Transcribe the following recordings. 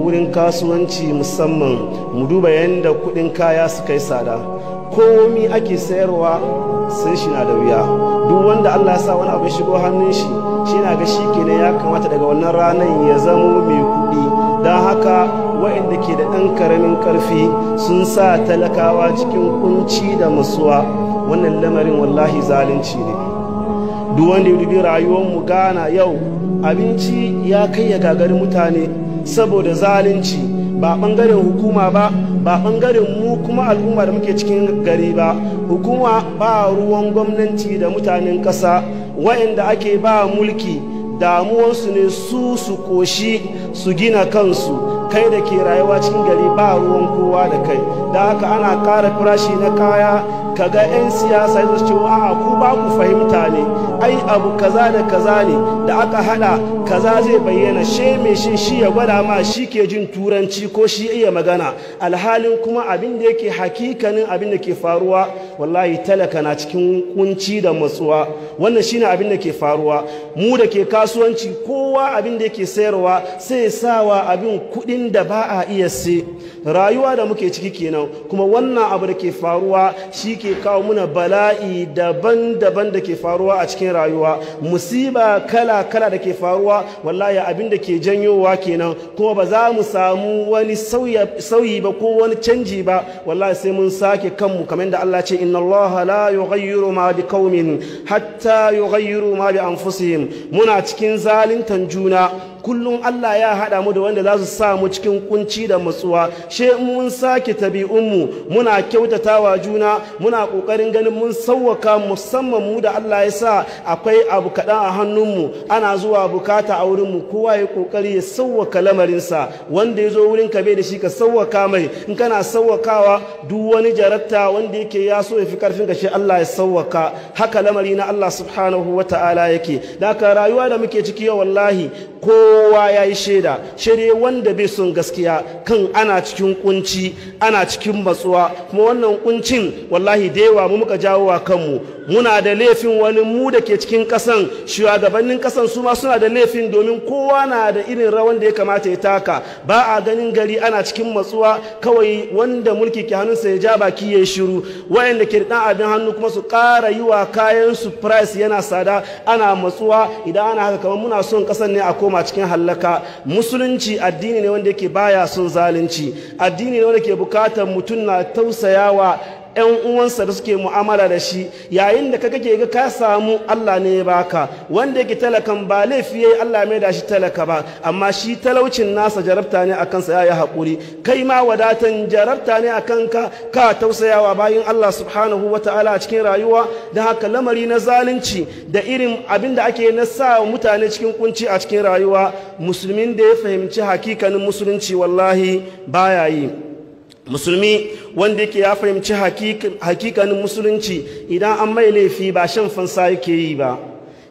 wurin kasuwanci musamman mu duba yadda kuɗin kaya suka yi tsada komi ake sayarwa sun shi na da wuya duk wanda allah sa wani abu shigo hannun shi shi na ga shi kenan ya kamata daga wannan ranar ya zamo mai kuɗi. don haka waɗanda ke da ɗan karamin ƙarfi sun sa talakawa cikin kunci da masuwa wannan lamarin wallahi zalunci ne duk wanda ya dubi rayuwar mu gana yau abinci ya kai ya gagari mutane saboda zalunci ba bangaren hukuma ba ba bangaren mu kuma al'umma da muke cikin gari ba hukuma ba ruwan gwamnati da mutanen ƙasa wayanda ake ba mulki damuwansu ne su su koshi su gina kansu kai da ke rayuwa cikin gari ba ruwan kowa da kai da haka ana ƙara farashi na kaya kaga 'yan siyasa yanzu ce a ku ba ku fahimta ne ai abu kaza da kaza ne da aka hada kaza zai bayyana she mai shi shi ya gwada ma shi ke jin turanci ko shi iya magana alhalin kuma abin da yake hakikanin abin da ke faruwa wallahi talaka na cikin kunci da matsuwa wannan shine abin da ke faruwa mu da ke kasuwanci kowa abin da yake sayarwa sai sawa abin kudin da ba a iya sai rayuwa da muke ciki kenan kuma wannan abu da ke faruwa shi ke kawo muna bala'i daban-daban da ke faruwa a cikin cikin rayuwa musiba kala kala da ke faruwa wallahi abin da ke janyowa kenan kuma ba za mu samu wani sauyi ba ko wani canji ba wallahi sai mun sake kanmu kamar da Allah ce inna Allah la yughayyiru ma bi hatta yughayyiru ma bi anfusihim muna cikin zaluntan juna kullum Allah ya haɗa mu da wanda za su sa mu cikin kunci da matsuwa she mun sake tabi'unmu muna kyautatawa juna muna ƙoƙarin ganin mun sauwaka musamman mu da Allah ya sa akwai abu kaɗan a hannunmu ana zuwa bukata a wurinmu kowa ya ƙoƙari ya sauwaka lamarinsa wanda ya zo wurin ka bai da shi ka sauwaka mai in kana sauwakawa duk wani jarabta wanda yake ya so ya fi ƙarfin ka shi Allah ya sauwaka haka lamari na Allah subhanahu wa ta'ala yake da rayuwa da muke ciki yau wallahi kowa ya yi shaida shirye wanda bai son gaskiya kan ana cikin kunci ana cikin matsuwa kuma wannan kuncin wallahi da yawa mu muka jawo wa kanmu muna da laifin wani mu da ke cikin kasan shugabannin kasan su ma suna da laifin domin kowa na da irin rawan da ya kamata ya taka ba a ganin gari ana cikin matsuwa kawai wanda mulki ke hannunsa ya ja baki ya yi shiru wayanda ke da abin hannu kuma su kara yi wa kayan su price yana sada ana matsuwa idan ana haka kamar muna son kasan ne a ko koma cikin hallaka musulunci addini ne wanda yake baya son zalunci addini ne wanda ke bukatar mutum na tausayawa 'yan uwansa da suke mu'amala da shi yayin da kaga kake ga ka samu Allah ne ya baka wanda yake talakan ba laifi yayi Allah mai da shi talaka ba amma shi talaucin nasa jarabta ne akan sa yayi hakuri kai ma wadatan jarabta ne akan ka ka tausayawa bayin Allah subhanahu wataala a cikin rayuwa da haka lamari na zalunci da irin abin da ake na sa mutane cikin kunci a cikin rayuwa musulmin da ya fahimci hakikanin musulunci wallahi baya yi musulmi wanda yake ya fahimci hakikanin musulunci idan an mai laifi ba shan fansa yake yi ba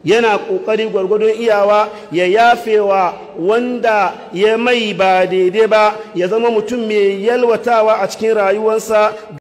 yana ƙoƙari gwargwadon iyawa ya yafewa wanda ya mai ba daidai ba ya zama mutum mai yalwatawa a cikin rayuwarsa